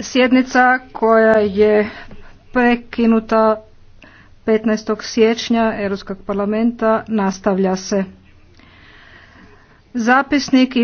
Sjednica koja je prekinuta 15. siječnja Europskog parlamenta nastavlja se. Zapisnik